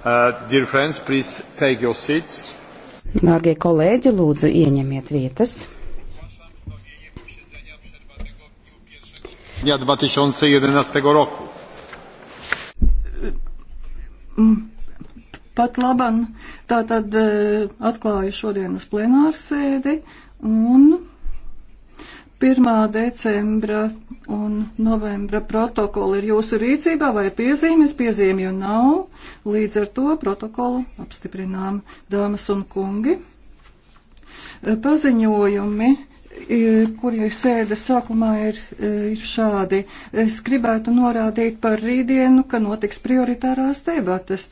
Uh, friends, Dārgie kolēģi, lūdzu, ieņemiet vietas. Dnia 2011 roku. Mm, pat laban, tā tad e, atklāju šodienas plenārsēdi un 1. decembra Un novembra protokola ir jūsu rīcībā vai piezīmes, piezīmju nav, līdz ar to protokolu apstiprinām dāmas un kungi. Eh, paziņojumi eh, kuri sēdes sākumā ir, eh, ir šādi. Es gribētu norādīt par rītdienu, ka notiks prioritārās debates.